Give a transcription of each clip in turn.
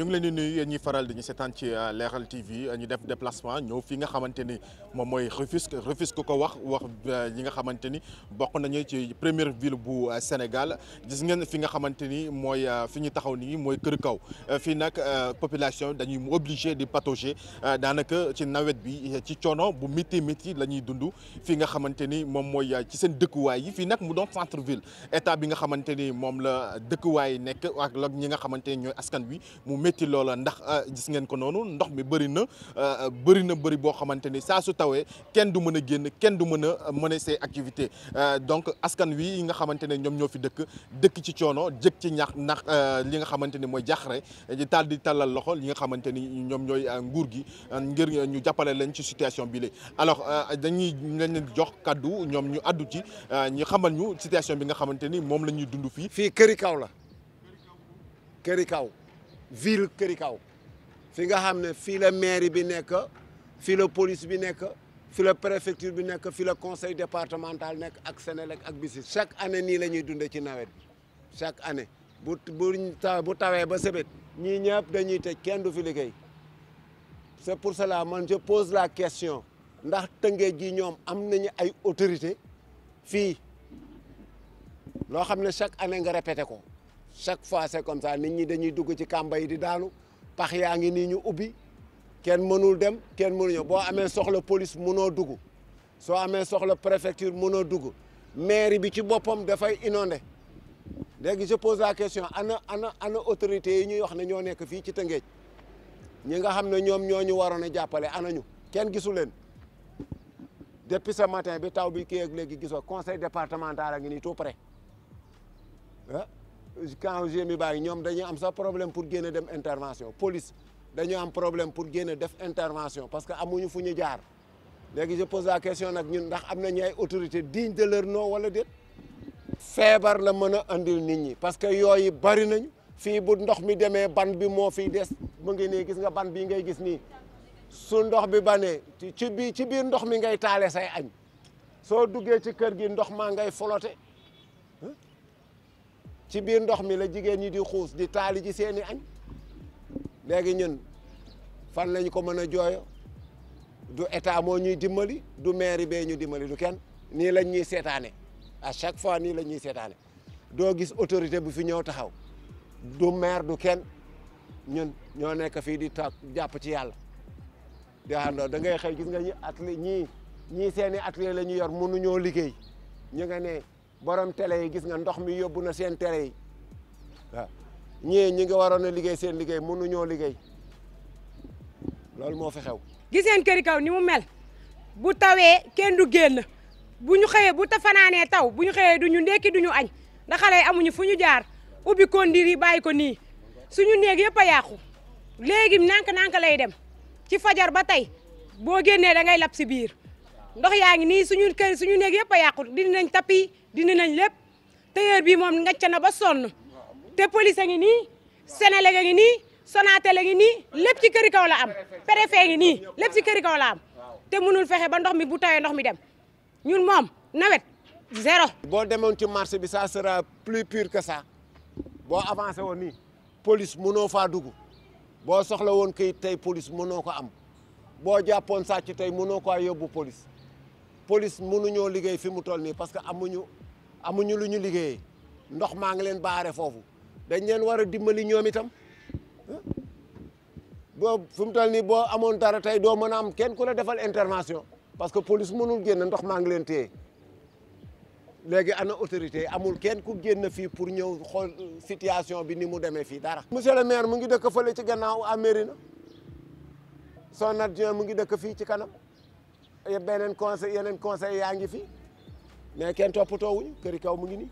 ñu ngi leen di nuyu faral di ñu seetaan ci euh, Leral TV euh, ñu def déplacement ñëw fi nga xamante ni moom mooy Rufisque Rufisque ko wax wax ñi euh, nga xamante ni bokk nañu ci première ville bu Sénégal gis ngeen fi nga xamante ni mooy fi ñu taxaw ni mooy kër kaw fii nag population dañuy obligé di patauger daanaka ci nawet bi ci coono bu métti métti la ñuy dund fi nga xamante ni moom mooy ci seen dëkkuwaay yi fii nag mu doon centre ville état bi nga xamante ni moom la dëkkuwaay nekk ak la ñi nga xamante ni ñooy askan bi mu métti loola ndax euh, gis ngeen ko noonu ndox mi bëri na euh, bëri na bëri boo xamante ni saa su tawee kenn du mën a génn kenn du mën a mener activité activités euh, donc askan wi yi nga xamante ne ñoom ñoo fi dëkk dëkk ci coono jëkk ci ñax ndax li nga xamante ni mooy jaxare di taal di tàllal loxo li nga xamante ni ñoom ñooy nguur gi ngir ñu jàppale leen ci situation bi lée alors dañuy leen jox kàddu ñoom ñu àddu ci ñi xamal ñu situation bi nga xamante ni moom la ñuy dund fii fii këri kaw la ville këri Kaw fi nga xam ne fii la mairie bi nekk fii la police bi nekk fii la préfecture bi nekk fii la conseil départemental nekk ak Sénélec ak BICIS chaque année nii la ñuy dundee ci nawet bi chaque année bu bu tawee ba sebet ñii ñëpp dañuy tëj kenn du fi liggéey c'est pour cela man je pose la question ndax Tëngéej gi ñoom am nañu ay autorité fii loo xam ne chaque année nga répété ko chaque fois c'est comme nit ñi dañuy dugg ci kàmba yi di daanu pax yaa ngi nii ñu ubbi kenn mënul dem kenn mënul ñëw boo amee soxla police mënoo dugg soo amee soxla préfecture mënoo dugg mairie bi ci boppam dafay inondé léegi je pose la question ana ana ana autorités yi ñuy wax ne ñoo nekk fii ci Tëngéej ñi nga xam ne ñoom ñoo ñu waroon a jàppale anañu kenn gisu leen depuis ce matin bi taw bi kii ak léegi gisoo conseil départemental a ngi nii tout près ah. camp GMI baa ñoom dañuy am sax problème pour génne dem intervention police dañu am problème pour génne def intervention parce que amuñu fu ñu jaar léegi je pose la question nag ñun ndax am nañu ay autorité dignes de noo nom wala déet feebar la mën a andil nit ñi parce que yooyu bari nañu fii bu ndox mi demee ban bi moo fi des mu ngi nii gis nga ban bii ngay gis nii su ndox bi banee ci bi ci biir ndox mi ngay taale say añ soo duggee ci kër gi ndox maa ngay folote ci biir ndox mi la jigéen ñi di xuus di taali ji seeni añ léegi ñun fan lañ ko mën a jooyo du état moo ñuy dimbali du mairie bee ñu dimmali du kenn nii lañ ñuy seetaane à chaque fois nii la ñuy doo gis autorité bu fi ñëw taxaw du maire du kenn ñun ñoo nekk fii di toog jàpp ci yàlla di àndoo xëy gis nga ñu atelier ñii ñii seeni atelier la ñu yor mënuñoo liggéey ñu nga ne borom télé yi gis nga ndox mi yóbbu na seen télé yi waaw ñii ñi nga waroon a liggéey seen liggéey mun mënuñoo liggéey loolu moo fi xew. gis ngeen këri kaw ni mu mel bu tawee kenn du génn bu ñu xëyee bu ta fanaanee taw bu ñu xëyee du ñu ndekki du ñu añ ndax amuñu fu ñu jaar ubbi ko ndir yi bàyyi ko nii suñu néeg yëpp a yàqu léegi nànk-nànk lay dem ci fajar ba tey boo génnee dangay ngay si biir. ndox yaa ngi nii suñu kër suñu néeg yëpp a yàqu dindi nañ tapis dindi nañ lépp tailleur bi moom ngacc na ba sonn te police a ngi nii Sénélec a ngi nii Sonatel a ngi nii lépp ci këri kaw la am préfet ngi nii lépp ci këri kaw la am te mënul fexe ba ndox mi bu tawee ndox mi dem ñun moom nawet zéro. boo demoon ti marché bi sa sera plus pur que ça boo avancé woon nii police mënoo faa dugg boo soxla woon kayit tey police mënoo ko am boo jàppoon sàcc tey mënoo ko yóbbu police. police mënuñoo liggéey fi mu toll nii parce que amuñu amuñu lu ñu liggéeyee ndox maa ngi leen baare foofu dañ leen war a dimbali ñoom itam boo fi mu toll nii boo amoon dara tey doo mën a am kenn ku la defal intervention parce que police mënul génn ndox maa ngi leen téye léegi ana autorité amul kenn ku génn fii pour ñëw xool situation bi ni mu demee fii dara. monsieur le maire mu ngi dëkk fële ci gannaaw à Mérina son adjoint mu ngi dëkk fii ci kanam. beneen conseil yeneen conseil yaa ngi fi mais kenn toppatoo wuñu këri kaw mu ngi ni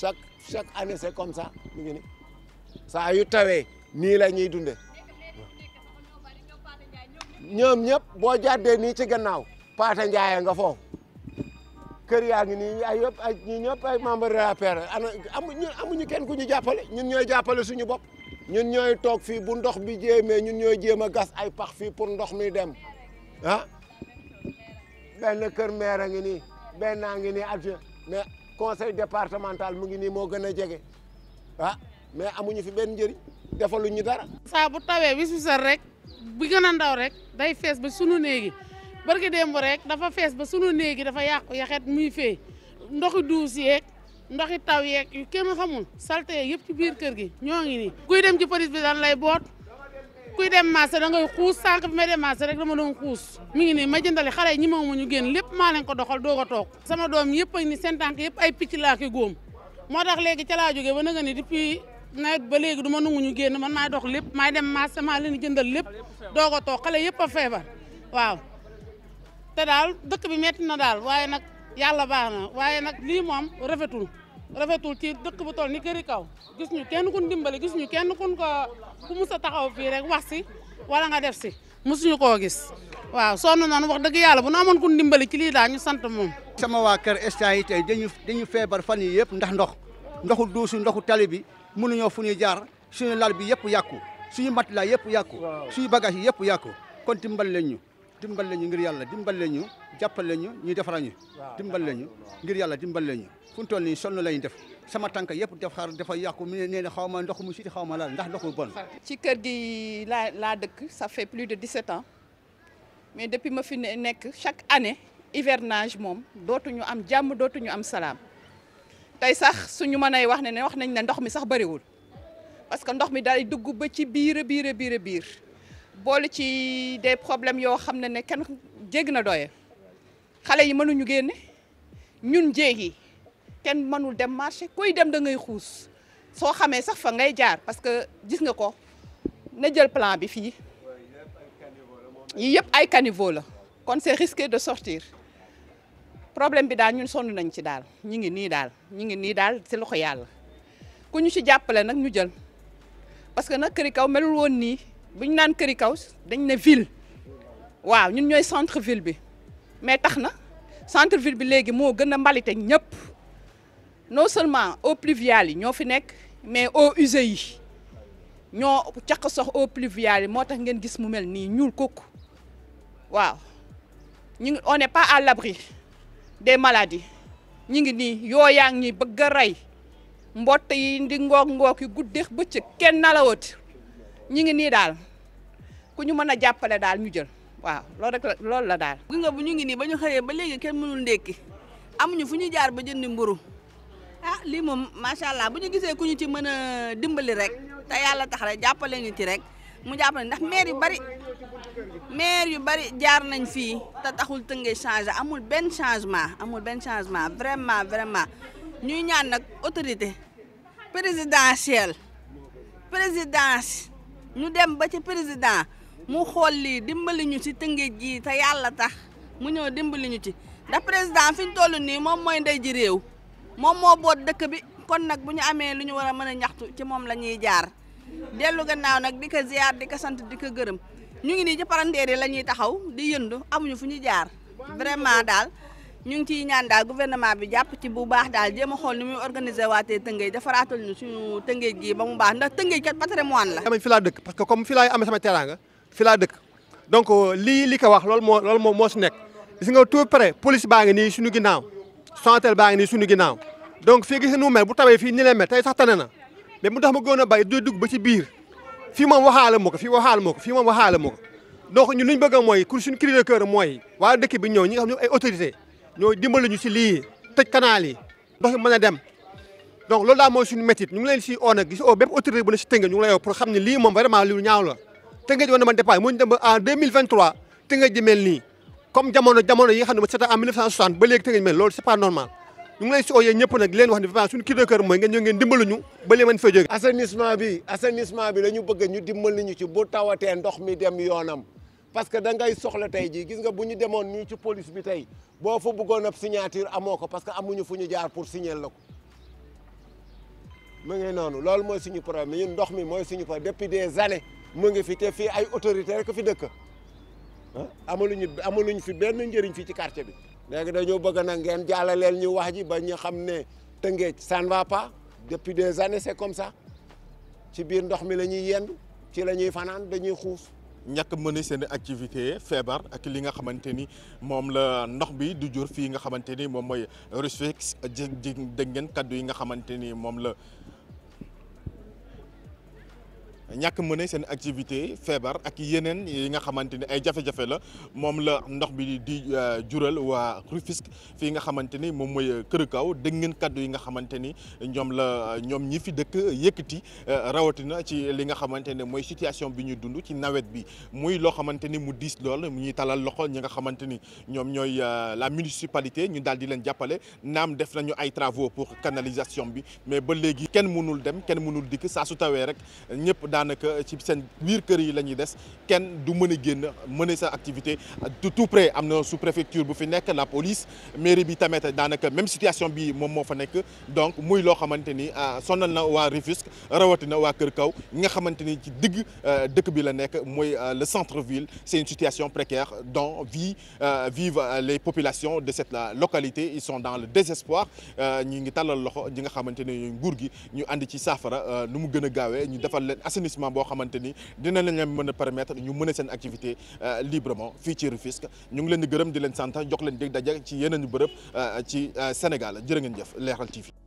chaque chaque année c'est comme mu ngi ni saa yu tawee nii la ñuy dunde ñoom ñëpp boo jàddee nii ci gannaaw Paate Njaay nga foofu kër yaa ngi ni ay yëpp ay ñi ñëpp membre de APR ana amu ñun amuñu kenn ku ñu jàppale ñun ñooy jàppale suñu bopp ñun ñooy toog fii bu ndox bi jéemee ñun ñooy jéem a gas ay pax fii pour ndox mi dem ah benn kër maire a ngi nii benn a ngi nii adjoint mais conseil départemental mu ngi nii moo gën a jege ah mais amuñu fi benn njëriñ defaluñ ñu dara. saa bu tawee wis wisal rek bi gën a ndaw rek day fees ba sunu néegi barki démb rek dafa fees ba sunu néegi dafa yàqu yaxet muy fee ndoxu duus yeeg ndoxi taw yeeg kenn xamul salte yëpp ci biir kër gi ñoo ngi nii. kuy dem ci police bi dan lay boot. kuy dem marché da ngay xuus sànq bi may dem marché rek dama doon xuus mi ngi nii ma jëndale xale yi ñi ma ñu gén lép maa leen ko doxal doog toog sama doom yëpp ay ni seen tànk yëpp ay picc laa ki góom moo tax léegi ca laa jógee ba nga ni depuis nawet ba léegi du ma nangu ñu génn man maay dox lépp maay dem marché maa leen jëndal lépp doog a toog xale yëpp a feebar waaw te daal dëkk bi metti na daal waaye nag yàlla baax na waaye nag lii moom rafetul rafetul ci dëkk bu toll ni këri kaw gis ñu kenn kun dimbali gis ñu kenn kun ko ku mus taxaw fii rek wax si wala nga def si mosuñu koo gis waaw sonn nañu wax dëgg yàlla bu nu moon kun dimbali ci lii daal ñu sant moom. sama waa kër instant yi tey dañu feebar fan yi yëpp ndax ndox ndoxu duusu ndoxu tali bi mënuñoo fu ñuy jaar suñu lal bi yëpp yàqu suñu matelas yëpp yàqu suñu bagage yi yëpp yàqu kon dimbali leen ñu. dimbal lañu ngir yàlla dimbal lañu jàppal lañu ñu defara ñu dimbal lañu ngir yàlla dimbal lañu fu mu toll nii sonn lañu def sama tànk yëpp def xar dafa yàqu mu ne nee na xaw ma ndox mu siti xaw ma laal ndax ndox mu bon ci kër gi laa laa dëkk ça fait plus de 17 ans mais depuis ma fi nekk chaque année hivernage moom dootuñu am jàmm dootuñu am salaam tey sax suñu ma ay wax ne ne wax nañ ne ndox mi sax bariwul parce que ndox mi day dugg ba ci biir a biir biir a biir boole ci des problèmes yoo xam ne ne kenn jégg na doye xale yi mënuñu génne ñun jéegi kenn mënul dem marché kuy dem da ngay xuus soo xamee sax fa ngay jaar parce que gis nga ko na jël plan bi fii yi yëpp ay caniveau la kon c'est risqué de sortir problème bi daal ñun sonn nañ ci daal ñu ngi nii daal ñu ngi nii daal ci loxo yàlla ku ñu ci jàppale nag ñu jël parce que nag këri kaw melul woon nii bu ñu naan këri kaw dañ ne ville waaw ñun ñooy centre ville bi mais tax na centre ville bi léegi moo gën a mbalite ñëpp non seulement au pluviales yi ñoo fi nekk mais eaux usées yi ñoo caq sox eaux pluviales yi moo tax ngeen gis mu mel nii ñuul kukk waaw ñu on n'est pas à l'abri des maladie ñu ngi nii yooyaa ngi ñuy bëgg a rey mbott yi indi ngoog ngoog yi guddeex bëccëg kenn nalawati ñu ngi nii daal ku ñu mën a jàppale daal ñu jël waaw loolu la loolu la daal. gis nga bu ñu ngi nii ba ñu xëyee ba léegi kenn mënul ndékki amuñu fu ñu jaar ba jëndi mburu ah lii moom macha allah bu ñu gisee ku ñu ci mën a dimbali rek te yàlla tax jàppale ñu ci rek mu jàppale ndax maire yu bari maire yu bari jaar nañ fii te taxul tëngee changé amul benn changement amul benn changement vraiment vraiment ñuy ñaan nag autorité présidentielle présidence. ñu dem ba ci président mu xool lii dimbali ñu ci tëngéej gi te yàlla tax mu ñëw dimbali ñu ci ndax président fi ñu toll nii moom mooy ndey ji réew moom moo boot dëkk bi kon nag bu ñu amee li ñu war a mën a ñaxtu ci moom la ñuy jaar dellu gannaaw nag di ko ziar di ko sant di ko gërëm ñu ngi nii ci paranteer yi la ñuy taxaw di yëndu amuñu fu ñu jaar vraiment daal. ñu ngi ciy ñaan daal gouvernement bi jàpp ci bu baax daal jéem a xool ni muy organiser waatee Tëngéej defaraatal ñu suñu Tëngéej gii ba mu baax ndax Tëngéej kat patrimoine la. amee fi dëkk parce que comme fi amee sama teraanga fi dëkk donc euh, lii li ko wax loolu moo loolu moo moo si nekk gis nga tout près police baa ngi nii suñu ginnaaw santel baa ngi nii suñu ginnaaw donc fii gis nu mel bu tawee fii ni leen mel sax tane na mu tax ma gën a bay du dugg ba ci biir fii moom waxaale ma ko fii waxaale ma fii moom waxaale ñu bëgg mooy pour suñu mooy waa dëkk bi ñëw ñi nga xam ne ay ñoo dimbali ñu si lii tëj canal yi ndox dem donc loolu daal mooy suñu métit ñu ngi leen si oo gis oo bépp autorité bu ne si Tëngéej ñu ngi lay pour xam ne lii moom vraiment lu ñaaw la Tëngéej war na mën dépassé mu ñu en 2023 Tëngéej di mel nii comme jamono jamono yi nga xam ne c'était en 1960 ba léegi Tëngéej mel loolu c'est pas normal ñu ngi lay si oo yee ñëpp nag leen wax ne vraiment suñu cri de cœur mooy ngeen ñoo ngeen dimbalu ñu ba lee mën fay jóge assainissement bi assainissement bi dañu bëgg ñu dimbali ci bu tawatee ndox mi que da ngay soxla tey jii gis nga bu ñu demoon nii ci tey boo fa bëggoon ab signature amoo ko parce que amuñu fu ñu jaar pour signer la ko mu ngi noonu loolu mooy suñu problème ñun ndox mi mooy suñu problème depuis des années mu ngi fi te fii ay autorité rek fi dëkk ah amaluñu amaluñu fi benn njëriñ fii ci quartier bi. léegi dañoo bëgg nag ngeen jàllaleel ñu wax ji ba ñu xam ne Tëngéej ça ne va pas depuis des années c'est comme ça ci biir ndox mi la ñuy ci la ñuy fanaan dañuy xuus. ñàkk mëne seen activité feebar ak li nga xamante ni moom la ndox bi du jur fii nga xamante ni moom mooy Rusfik dégg ngeen kaddu yi nga xamante ni moom la ñàkk mëne seen activité feebar ak yeneen yi nga xamante ni ay jafe-jafe la moom la ndox bi di euh, jural waa Rufisque fii nga xamante ni moom mooy euh, Kër Kaw dégg ngeen kàddu yi nga xamante ni ñoom la euh, ñoom ñi fi dëkk yëkkati rawatina ci li nga xamante ne mooy situation bi ñu dund ci nawet bi muy loo xamante ni mu diis lool mu ñuy talal loxo ñi nga xamante ni ñoom ñooy la municipalité ñu daal di leen jàppale naam def nañu ay travaux pour canalisation bi mais ba léegi kenn mënul dem kenn mënul dikk saa su tawee rek ñëpp daanaka ci seen biir kër yi la ñuy des kenn du mën a génn mëne sa activité tout près am na sous préfecture bu fi nekk la police mairie bi tamit daanaka même situation bi moom moo fa nekk donc muy loo xamante ni ah, sonal na waa Rufisque rawatina waa Kër Kaw ñi nga xamante ni ci digg euh, dëkk bi la nekk mooy euh, le centre ville c'est une situation précaire dont vit euh, vivent les populations de cette localité ils sont dans le désespoir ñu ngi tàllal loxo ñi nga xamante ne nguur gi ñu assainissement boo xamante ni dina leen mën a permettre ñu mën a seen activité euh, librement fii ci Rufisque ñu ngi leen di gërëm di leen sant jox leen dig daje ci yeneen bërëb euh, ci euh, Sénégal jërë ngeen jëf Leral TV